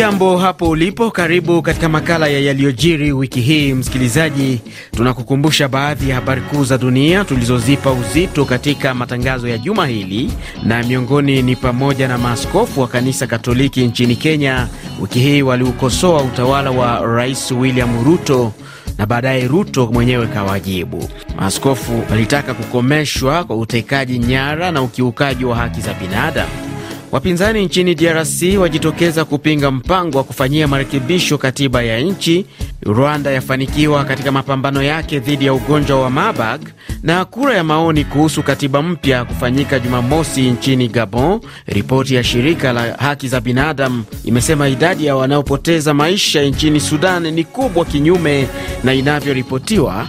Hujambo hapo ulipo, karibu katika makala ya yaliyojiri wiki hii. Msikilizaji, tunakukumbusha baadhi ya habari kuu za dunia tulizozipa uzito katika matangazo ya juma hili, na miongoni ni pamoja na maaskofu wa kanisa Katoliki nchini Kenya wiki hii waliukosoa utawala wa Rais William Ruto na baadaye Ruto mwenyewe kawajibu. Maaskofu walitaka kukomeshwa kwa utekaji nyara na ukiukaji wa haki za binadamu. Wapinzani nchini DRC wajitokeza kupinga mpango wa kufanyia marekebisho katiba ya nchi. Rwanda yafanikiwa katika mapambano yake dhidi ya ugonjwa wa Marburg, na kura ya maoni kuhusu katiba mpya kufanyika Jumamosi nchini Gabon. Ripoti ya shirika la haki za binadamu imesema idadi ya wanaopoteza maisha nchini Sudan ni kubwa kinyume na inavyoripotiwa.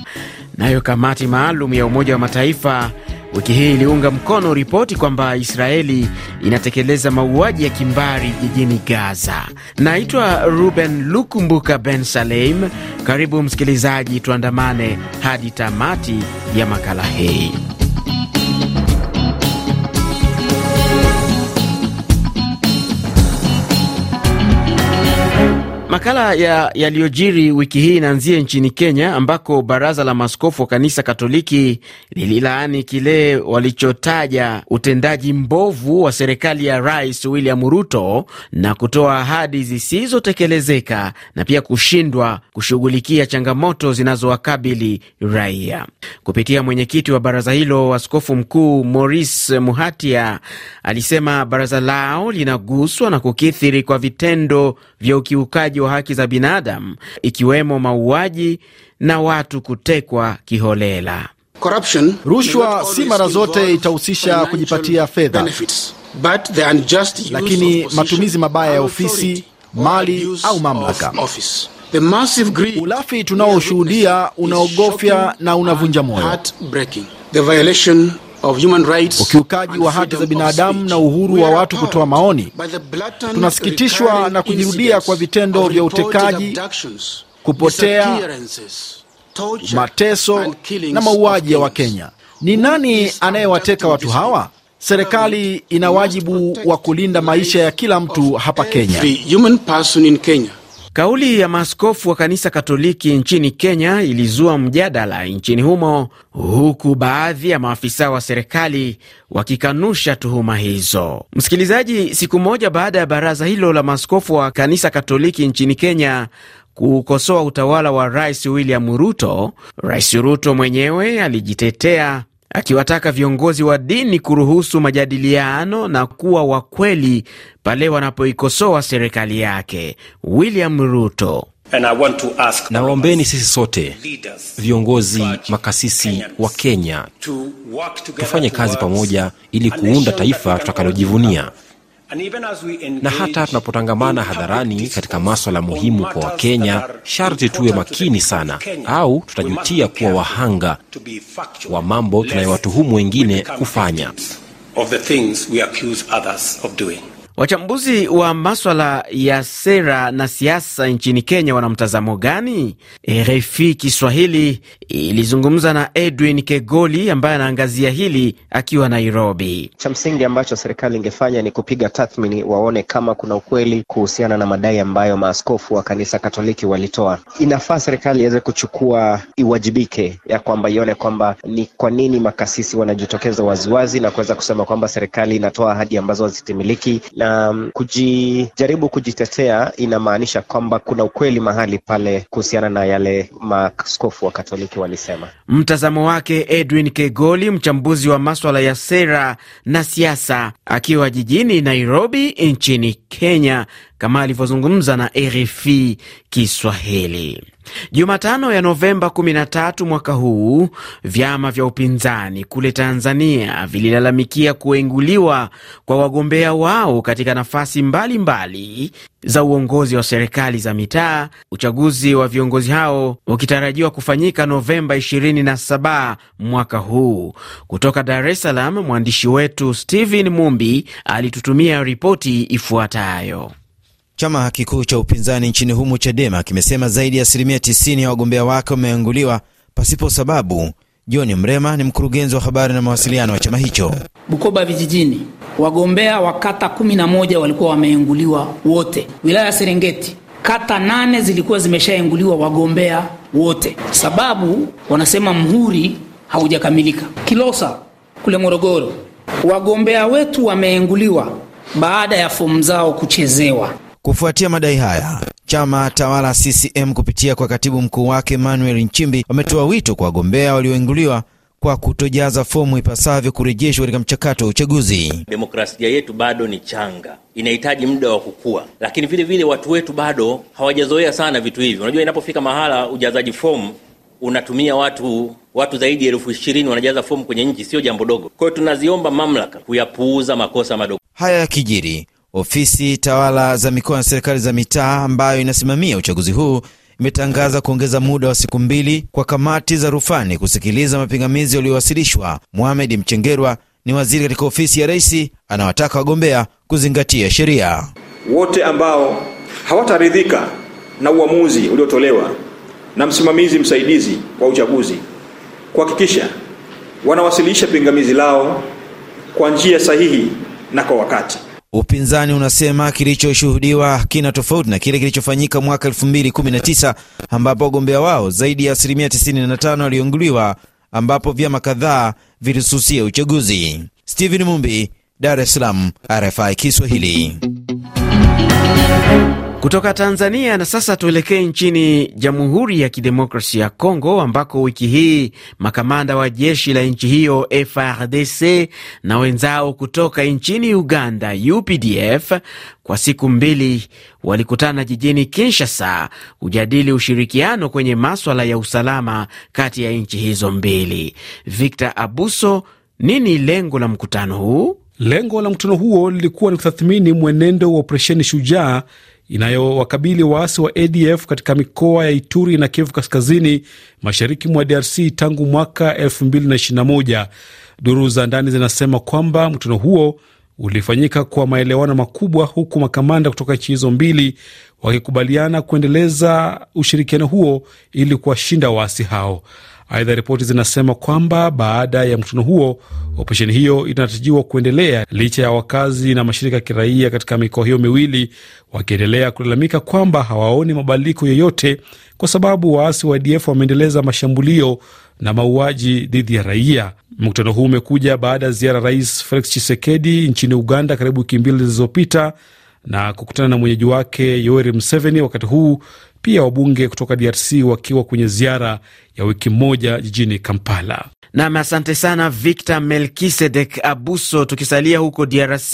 Nayo kamati maalum ya Umoja wa Mataifa wiki hii iliunga mkono ripoti kwamba Israeli inatekeleza mauaji ya kimbari jijini Gaza. Naitwa Ruben Lukumbuka Ben Salem. Karibu msikilizaji, tuandamane hadi tamati ya makala hii. Makala ya yaliyojiri wiki hii inaanzia nchini Kenya ambako baraza la maskofu wa kanisa Katoliki lililaani kile walichotaja utendaji mbovu wa serikali ya Rais William Ruto na kutoa ahadi zisizotekelezeka na pia kushindwa kushughulikia changamoto zinazowakabili raia. Kupitia mwenyekiti wa baraza hilo, askofu mkuu Maurice Muhatia alisema baraza lao linaguswa na kukithiri kwa vitendo vya ukiukaji wa haki za binadamu ikiwemo mauaji na watu kutekwa kiholela. Corruption, rushwa si mara zote itahusisha kujipatia fedha, lakini matumizi mabaya ya ofisi, mali au mamlaka. Ulafi tunaoshuhudia unaogofya na unavunja moyo ukiukaji wa haki za binadamu na uhuru wa watu kutoa maoni. Tunasikitishwa na kujirudia kwa vitendo vya utekaji, kupotea, mateso na mauaji ya Wakenya. Ni nani anayewateka watu hawa? Serikali ina wajibu wa kulinda maisha ya kila mtu hapa Kenya. Kauli ya maaskofu wa kanisa Katoliki nchini Kenya ilizua mjadala nchini humo, huku baadhi ya maafisa wa serikali wakikanusha tuhuma hizo. Msikilizaji, siku moja baada ya baraza hilo la maaskofu wa kanisa Katoliki nchini Kenya kuukosoa utawala wa Rais William Ruto, Rais Ruto mwenyewe alijitetea akiwataka viongozi wa dini kuruhusu majadiliano na kuwa wakweli pale wanapoikosoa serikali yake. William Ruto: Nawaombeni sisi sote viongozi, makasisi wa Kenya, tufanye kazi pamoja ili kuunda taifa tutakalojivunia na hata tunapotangamana hadharani katika maswala muhimu kwa Wakenya, sharti tuwe makini sana, au tutajutia kuwa wahanga wa mambo tunayowatuhumu wengine kufanya. Wachambuzi wa maswala ya sera na siasa nchini Kenya wana mtazamo gani? Eh, RFI Kiswahili ilizungumza na Edwin Kegoli ambaye anaangazia hili akiwa Nairobi. Cha msingi ambacho serikali ingefanya ni kupiga tathmini, waone kama kuna ukweli kuhusiana na madai ambayo maaskofu wa kanisa Katoliki walitoa. Inafaa serikali iweze kuchukua, iwajibike, ya kwamba ione kwamba ni kwa nini makasisi wanajitokeza waziwazi na kuweza kusema kwamba serikali inatoa ahadi ambazo hazitimiliki, na mm, kujijaribu kujitetea inamaanisha kwamba kuna ukweli mahali pale kuhusiana na yale maaskofu wa Katoliki walisema. Mtazamo wake Edwin Kegoli, mchambuzi wa maswala ya sera na siasa, akiwa jijini Nairobi nchini Kenya kama alivyozungumza na RFI Kiswahili Jumatano ya Novemba 13 mwaka huu. Vyama vya upinzani kule Tanzania vililalamikia kuenguliwa kwa wagombea wao katika nafasi mbalimbali mbali za uongozi wa serikali za mitaa, uchaguzi wa viongozi hao ukitarajiwa kufanyika Novemba 27 mwaka huu. Kutoka Dar es Salaam, mwandishi wetu stehen Mumbi alitutumia ripoti ifuatayo. Chama kikuu cha upinzani nchini humo Chadema kimesema zaidi ya asilimia 90 ya wagombea wake wameanguliwa pasipo sababu. John Mrema ni mkurugenzi wa habari na mawasiliano wa chama hicho. Bukoba vijijini wagombea wa kata 11 walikuwa wameenguliwa wote. Wilaya ya Serengeti kata nane zilikuwa zimeshaenguliwa wagombea wote, sababu wanasema mhuri haujakamilika. Kilosa kule Morogoro wagombea wetu wameenguliwa baada ya fomu zao kuchezewa. Kufuatia madai haya, chama tawala CCM kupitia kwa katibu mkuu wake Manuel Nchimbi wametoa wito kwa wagombea walioinguliwa kwa kutojaza fomu ipasavyo kurejeshwa katika mchakato wa uchaguzi. Demokrasia yetu bado ni changa, inahitaji muda wa kukua, lakini vile vile watu wetu bado hawajazoea sana vitu hivyo. Unajua, inapofika mahala ujazaji fomu unatumia watu watu zaidi ya elfu ishirini wanajaza fomu kwenye nchi, sio jambo dogo. Kwa hiyo tunaziomba mamlaka kuyapuuza makosa madogo haya ya kijiri Ofisi tawala za mikoa na serikali za mitaa ambayo inasimamia uchaguzi huu imetangaza kuongeza muda wa siku mbili kwa kamati za rufani kusikiliza mapingamizi yaliyowasilishwa. Mohamed Mchengerwa ni waziri katika ofisi ya rais, anawataka wagombea kuzingatia sheria. Wote ambao hawataridhika na uamuzi uliotolewa na msimamizi msaidizi wa uchaguzi kuhakikisha wanawasilisha pingamizi lao kwa njia sahihi na kwa wakati. Upinzani unasema kilichoshuhudiwa kina tofauti na kile kilichofanyika mwaka 2019 ambapo wagombea wao zaidi ya asilimia 95 waliunguliwa, ambapo vyama kadhaa vilisusia uchaguzi. Steven Mumbi, Dar es Salaam, RFI Kiswahili kutoka Tanzania. Na sasa tuelekee nchini Jamhuri ya Kidemokrasi ya Kongo, ambako wiki hii makamanda wa jeshi la nchi hiyo frdc na wenzao kutoka nchini Uganda UPDF kwa siku mbili walikutana jijini Kinshasa kujadili ushirikiano kwenye maswala ya usalama kati ya nchi hizo mbili. Victor Abuso, nini lengo la mkutano huu? Lengo la mkutano huo lilikuwa ni kutathmini mwenendo wa operesheni Shujaa inayowakabili waasi wa ADF katika mikoa ya Ituri na Kivu Kaskazini, mashariki mwa DRC tangu mwaka 2021. Duru za ndani zinasema kwamba mkutano huo ulifanyika kwa maelewano makubwa, huku makamanda kutoka nchi hizo mbili wakikubaliana kuendeleza ushirikiano huo ili kuwashinda waasi hao. Aidha, ripoti zinasema kwamba baada ya mkutano huo, operesheni hiyo inatarajiwa kuendelea licha ya wakazi na mashirika ya kiraia katika mikoa hiyo miwili wakiendelea kulalamika kwamba hawaoni mabadiliko yoyote kwa sababu waasi wa ADF wameendeleza mashambulio na mauaji dhidi ya raia. Mkutano huu umekuja baada ya ziara Rais Felix Tshisekedi nchini Uganda karibu wiki mbili zilizopita na kukutana na mwenyeji wake Yoweri Museveni, wakati huu pia wabunge kutoka DRC wakiwa kwenye ziara ya wiki moja jijini Kampala. Nam, asante sana Victor Melkisedek Abuso. Tukisalia huko DRC,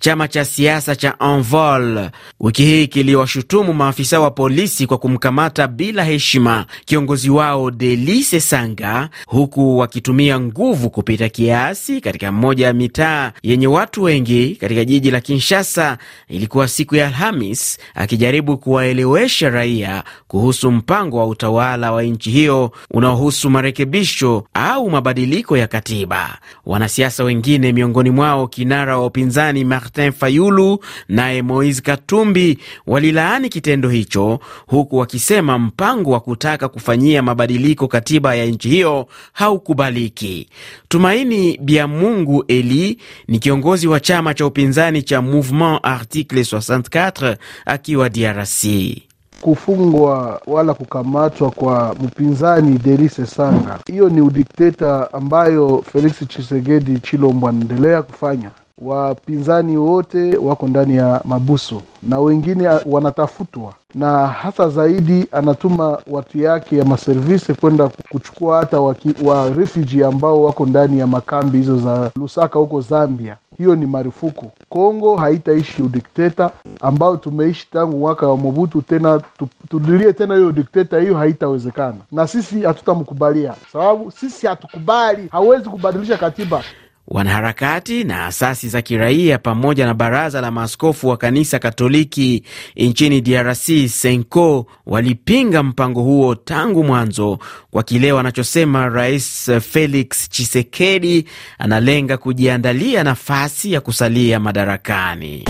chama cha siasa cha Envol wiki hii kiliwashutumu maafisa wa polisi kwa kumkamata bila heshima kiongozi wao Delise Sanga, huku wakitumia nguvu kupita kiasi katika mmoja ya mitaa yenye watu wengi katika jiji la Kinshasa. Ilikuwa siku ya Alhamis, akijaribu kuwaelewesha raia kuhusu mpango wa utawala wa nchi hiyo unaohusu marekebisho au mabadiliko ya katiba. Wanasiasa wengine miongoni mwao kinara wa upinzani Martin Fayulu naye Moise Katumbi walilaani kitendo hicho, huku wakisema mpango wa kutaka kufanyia mabadiliko katiba ya nchi hiyo haukubaliki. Tumaini Biamungu Eli ni kiongozi wa chama cha upinzani cha Mouvement Article 64 akiwa DRC kufungwa wala kukamatwa kwa mpinzani Delice Sanga, hiyo ni udikteta ambayo Felix Chisegedi Chilombo anaendelea kufanya. Wapinzani wote wako ndani ya mabuso na wengine wanatafutwa na hasa zaidi anatuma watu yake ya maservisi kwenda kuchukua hata waki, wa refugee ambao wako ndani ya makambi hizo za Lusaka huko Zambia. Hiyo ni marufuku. Kongo haitaishi udikteta ambao tumeishi tangu mwaka wa Mobutu. Tena tudilie tena hiyo udikteta, hiyo haitawezekana, na sisi hatutamkubalia sababu sisi hatukubali, hawezi kubadilisha katiba. Wanaharakati na asasi za kiraia pamoja na baraza la maaskofu wa kanisa Katoliki nchini DRC Senko walipinga mpango huo tangu mwanzo kwa kile wanachosema Rais Felix chisekedi analenga kujiandalia nafasi ya kusalia madarakani.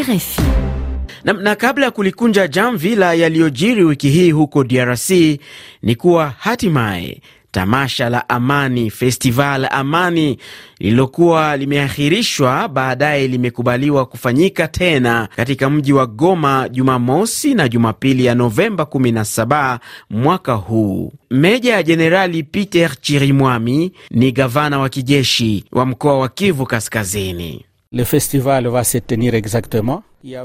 RFI. Na, na kabla ya kulikunja jamvi la yaliyojiri wiki hii huko DRC ni kuwa hatimaye tamasha la Amani, Festival Amani lililokuwa limeahirishwa baadaye limekubaliwa kufanyika tena katika mji wa Goma Jumamosi na Jumapili ya Novemba 17 mwaka huu. Meja ya Jenerali Peter Chirimwami ni gavana wa kijeshi wa mkoa wa Kivu Kaskazini. Le festival va se tenir exactement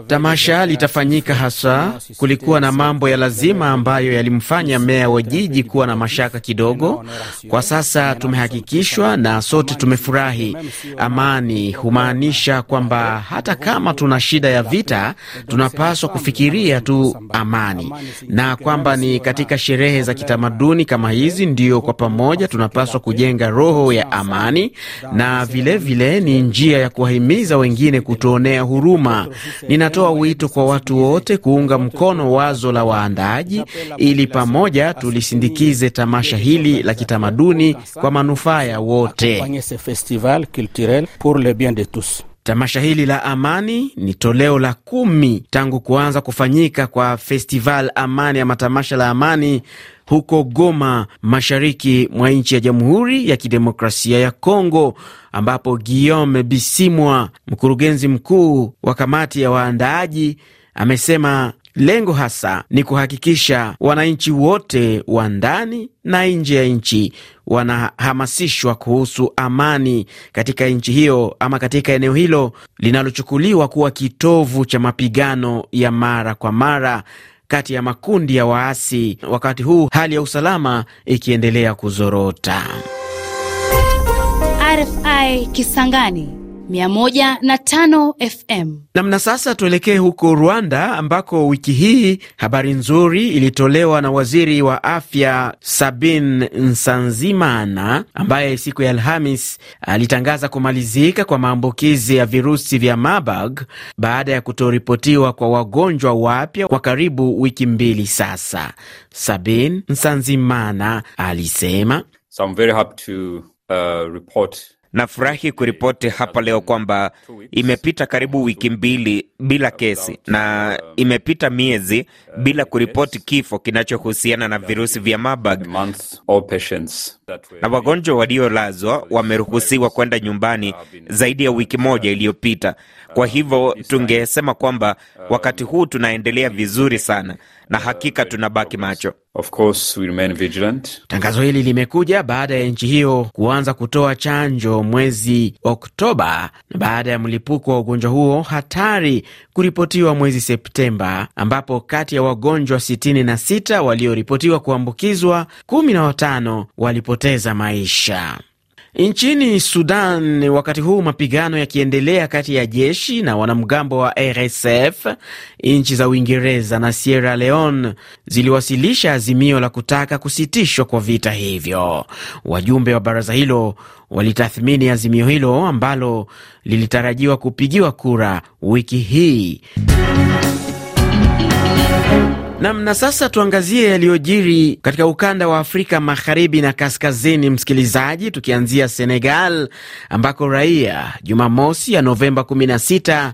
Tamasha litafanyika hasa. Kulikuwa na mambo ya lazima ambayo yalimfanya meya wa jiji kuwa na mashaka kidogo. Kwa sasa tumehakikishwa na sote tumefurahi. Amani humaanisha kwamba hata kama tuna shida ya vita, tunapaswa kufikiria tu amani, na kwamba ni katika sherehe za kitamaduni kama hizi ndio kwa pamoja tunapaswa kujenga roho ya amani, na vilevile vile ni njia ya kuwahimiza wengine kutuonea huruma Ninatoa wito kwa watu wote kuunga mkono wazo la waandaaji ili pamoja tulisindikize tamasha hili la kitamaduni kwa manufaa ya wote. Tamasha hili la Amani ni toleo la kumi tangu kuanza kufanyika kwa Festival Amani ya matamasha la Amani huko Goma, mashariki mwa nchi ya Jamhuri ya Kidemokrasia ya Kongo, ambapo Guillaume Bisimwa, mkurugenzi mkuu wa kamati ya waandaaji, amesema lengo hasa ni kuhakikisha wananchi wote wa ndani na nje ya nchi wanahamasishwa kuhusu amani katika nchi hiyo ama katika eneo hilo linalochukuliwa kuwa kitovu cha mapigano ya mara kwa mara kati ya makundi ya waasi, wakati huu hali ya usalama ikiendelea kuzorota. RFI Kisangani 105 FM. Namna sasa, tuelekee huko Rwanda ambako wiki hii habari nzuri ilitolewa na waziri wa afya Sabin Nsanzimana ambaye siku ya Alhamis alitangaza kumalizika kwa maambukizi ya virusi vya Marburg baada ya kutoripotiwa kwa wagonjwa wapya kwa karibu wiki mbili sasa. Sabin Nsanzimana alisema so I'm very happy to, uh, report Nafurahi kuripoti hapa leo kwamba imepita karibu wiki mbili bila kesi na imepita miezi bila kuripoti kifo kinachohusiana na virusi vya Marburg, na wagonjwa waliolazwa wameruhusiwa kwenda nyumbani zaidi ya wiki moja iliyopita. Kwa hivyo tungesema kwamba wakati huu tunaendelea vizuri sana, na hakika tunabaki macho. Of course we remain vigilant. Tangazo hili limekuja baada ya nchi hiyo kuanza kutoa chanjo mwezi Oktoba na baada ya mlipuko wa ugonjwa huo hatari kuripotiwa mwezi Septemba, ambapo kati ya wagonjwa 66 walioripotiwa kuambukizwa, 15 walipoteza maisha. Nchini Sudan, wakati huu mapigano yakiendelea kati ya jeshi na wanamgambo wa RSF, nchi za Uingereza na Sierra Leone ziliwasilisha azimio la kutaka kusitishwa kwa vita hivyo. Wajumbe wa baraza hilo walitathmini azimio hilo ambalo lilitarajiwa kupigiwa kura wiki hii. Nam, na sasa tuangazie yaliyojiri katika ukanda wa Afrika magharibi na kaskazini, msikilizaji, tukianzia Senegal ambako raia Jumamosi ya Novemba 16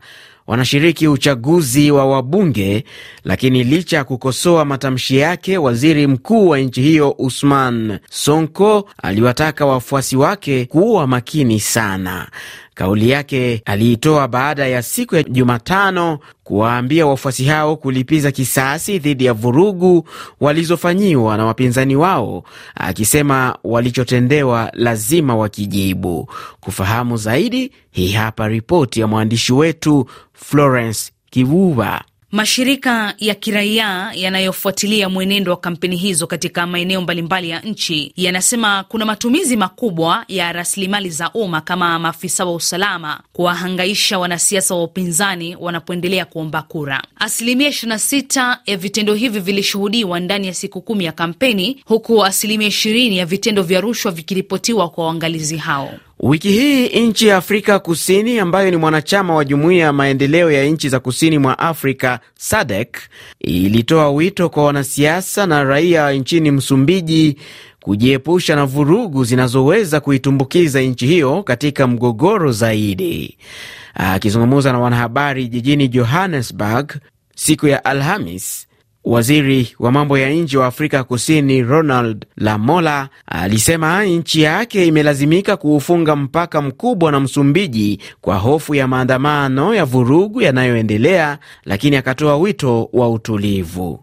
wanashiriki uchaguzi wa wabunge, lakini licha ya kukosoa matamshi yake, waziri mkuu wa nchi hiyo Usman Sonko aliwataka wafuasi wake kuwa makini sana. Kauli yake aliitoa baada ya siku ya Jumatano kuwaambia wafuasi hao kulipiza kisasi dhidi ya vurugu walizofanyiwa na wapinzani wao, akisema walichotendewa lazima wakijibu. Kufahamu zaidi, hii hapa ripoti ya mwandishi wetu Florence Kivuva. Mashirika ya kiraia yanayofuatilia mwenendo wa kampeni hizo katika maeneo mbalimbali ya nchi yanasema kuna matumizi makubwa ya rasilimali za umma kama maafisa wa usalama kuwahangaisha wanasiasa wa upinzani wanapoendelea kuomba kura. Asilimia 26 ya vitendo hivi vilishuhudiwa ndani ya siku kumi ya kampeni, huku asilimia ishirini ya vitendo vya rushwa vikiripotiwa kwa waangalizi hao. Wiki hii nchi ya Afrika Kusini ambayo ni mwanachama wa jumuiya ya maendeleo ya nchi za kusini mwa Afrika SADC ilitoa wito kwa wanasiasa na raia nchini Msumbiji kujiepusha na vurugu zinazoweza kuitumbukiza nchi hiyo katika mgogoro zaidi. Akizungumza na wanahabari jijini Johannesburg siku ya Alhamis, Waziri wa mambo ya nje wa Afrika Kusini Ronald Lamola alisema nchi yake imelazimika kuufunga mpaka mkubwa na Msumbiji kwa hofu ya maandamano ya vurugu yanayoendelea, lakini akatoa wito wa utulivu.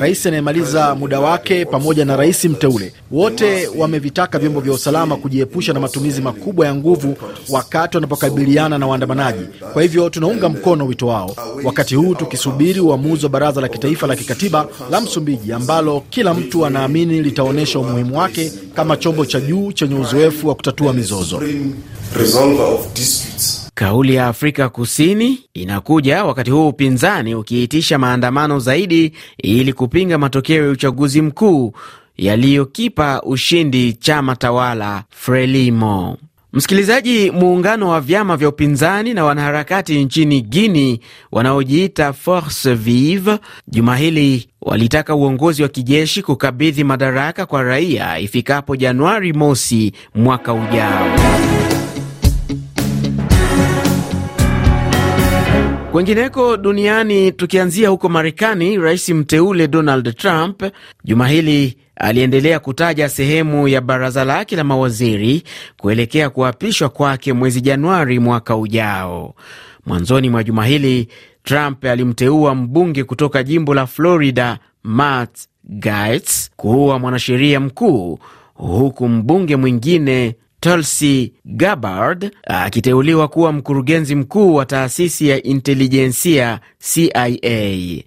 Rais anayemaliza muda wake pamoja na rais mteule wote wamevitaka vyombo vya usalama kujiepusha na matumizi makubwa ya nguvu wakati wanapokabiliana na waandamanaji. Kwa hivyo tunaunga mkono wito wao, wakati huu tukisubiri wa uamuzi wa Baraza la Kitaifa la Kikatiba la Msumbiji ambalo kila mtu anaamini litaonyesha umuhimu wake kama chombo cha juu chenye uzoefu wa kutatua mizozo. Kauli ya Afrika Kusini inakuja wakati huu upinzani ukiitisha maandamano zaidi ili kupinga matokeo ya uchaguzi mkuu yaliyokipa ushindi chama tawala Frelimo. Msikilizaji, muungano wa vyama vya upinzani na wanaharakati nchini Guini wanaojiita Force Vive juma hili walitaka uongozi wa kijeshi kukabidhi madaraka kwa raia ifikapo Januari mosi mwaka ujao. Kwengineko duniani, tukianzia huko Marekani, rais mteule Donald Trump juma hili Aliendelea kutaja sehemu ya baraza lake la mawaziri kuelekea kuapishwa kwake mwezi Januari mwaka ujao. Mwanzoni mwa juma hili Trump alimteua mbunge kutoka jimbo la Florida Matt Gaetz kuwa mwanasheria mkuu huku mbunge mwingine Tulsi Gabbard akiteuliwa kuwa mkurugenzi mkuu wa taasisi ya intelijensia CIA.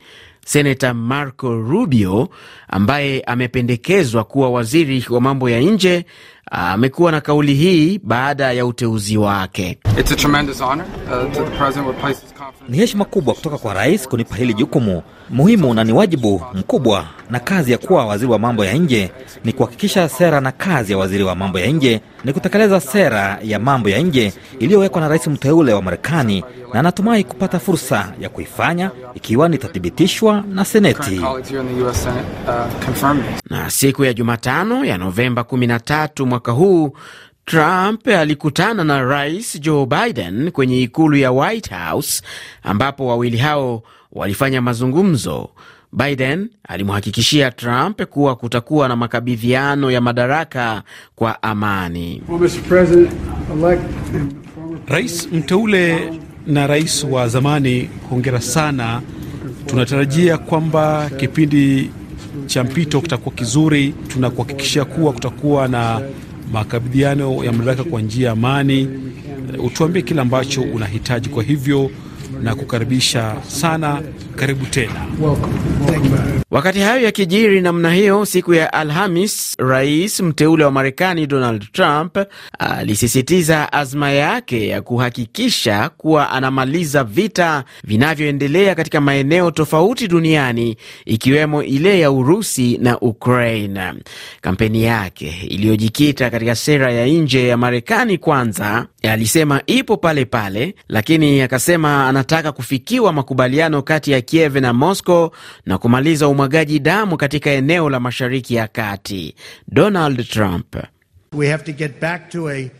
Senata Marco Rubio ambaye amependekezwa kuwa waziri wa mambo ya nje amekuwa na kauli hii baada ya uteuzi wake. It's a tremendous honor, uh, to the president. What places ni heshima kubwa kutoka kwa rais kunipa hili jukumu muhimu, na ni wajibu mkubwa, na kazi ya kuwa waziri wa mambo ya nje ni kuhakikisha sera, na kazi ya waziri wa mambo ya nje ni kutekeleza sera ya mambo ya nje iliyowekwa na rais mteule wa Marekani, na anatumai kupata fursa ya kuifanya ikiwa nitathibitishwa na Seneti. Uh, na siku ya Jumatano ya Novemba 13 mwaka huu Trump alikutana na Rais Joe Biden kwenye ikulu ya White House ambapo wawili hao walifanya mazungumzo. Biden alimhakikishia Trump kuwa kutakuwa na makabidhiano ya madaraka kwa amani. Rais mteule na rais wa zamani, hongera sana. Tunatarajia kwamba kipindi cha mpito kitakuwa kizuri. Tunakuhakikishia kuwa kutakuwa na makabidhiano ya madaraka kwa njia ya amani. Eh, utuambie kile ambacho unahitaji kwa hivyo, na kukaribisha sana, karibu tena. Welcome. Welcome. Wakati hayo yakijiri namna hiyo, siku ya Alhamis, rais mteule wa Marekani Donald Trump alisisitiza azma yake ya kuhakikisha kuwa anamaliza vita vinavyoendelea katika maeneo tofauti duniani ikiwemo ile ya Urusi na Ukraine. Kampeni yake iliyojikita katika sera ya nje ya Marekani kwanza alisema ipo pale pale, lakini akasema anataka kufikiwa makubaliano kati ya Kiev na Moscow na kumaliza umwagaji damu katika eneo la Mashariki ya Kati. Donald Trump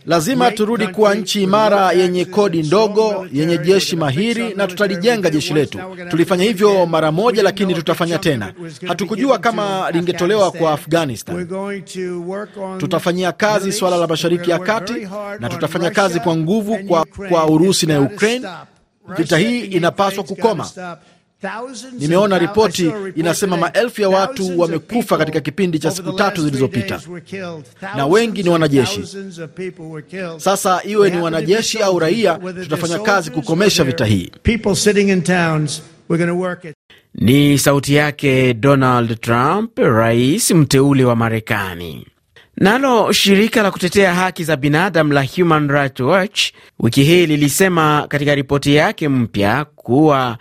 Lazima turudi kuwa nchi imara yenye kodi ndogo yenye jeshi mahiri, na tutalijenga jeshi letu. Tulifanya hivyo mara moja, lakini tutafanya tena. Hatukujua kama lingetolewa kwa Afghanistan. Tutafanyia kazi suala la mashariki ya kati, na tutafanya kazi kwa nguvu kwa, kwa Urusi na Ukraine. Vita hii inapaswa kukoma. Nimeona ripoti inasema maelfu ya watu wamekufa katika kipindi cha siku tatu zilizopita, na wengi ni wanajeshi. Sasa iwe ni wanajeshi au raia, tutafanya kazi kukomesha vita hii. Ni sauti yake Donald Trump, rais mteule wa Marekani. Nalo shirika la kutetea haki za binadamu la Human Rights Watch wiki hii lilisema katika ripoti yake mpya kuwa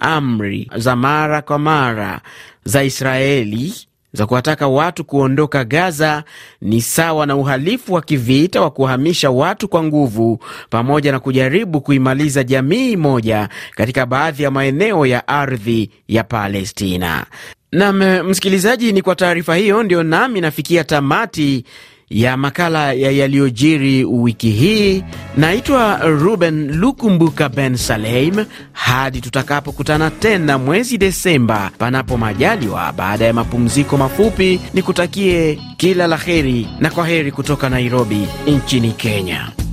amri za mara kwa mara za Israeli za kuwataka watu kuondoka Gaza ni sawa na uhalifu wa kivita wa kuhamisha watu kwa nguvu pamoja na kujaribu kuimaliza jamii moja katika baadhi ya maeneo ya ardhi ya Palestina. Nam msikilizaji, ni kwa taarifa hiyo ndio nami nafikia tamati ya makala ya yaliyojiri wiki hii. Naitwa Ruben Lukumbuka Ben Saleim, hadi tutakapokutana tena mwezi Desemba, panapo majaliwa, baada ya mapumziko mafupi, nikutakie kila la heri na kwa heri kutoka Nairobi nchini Kenya.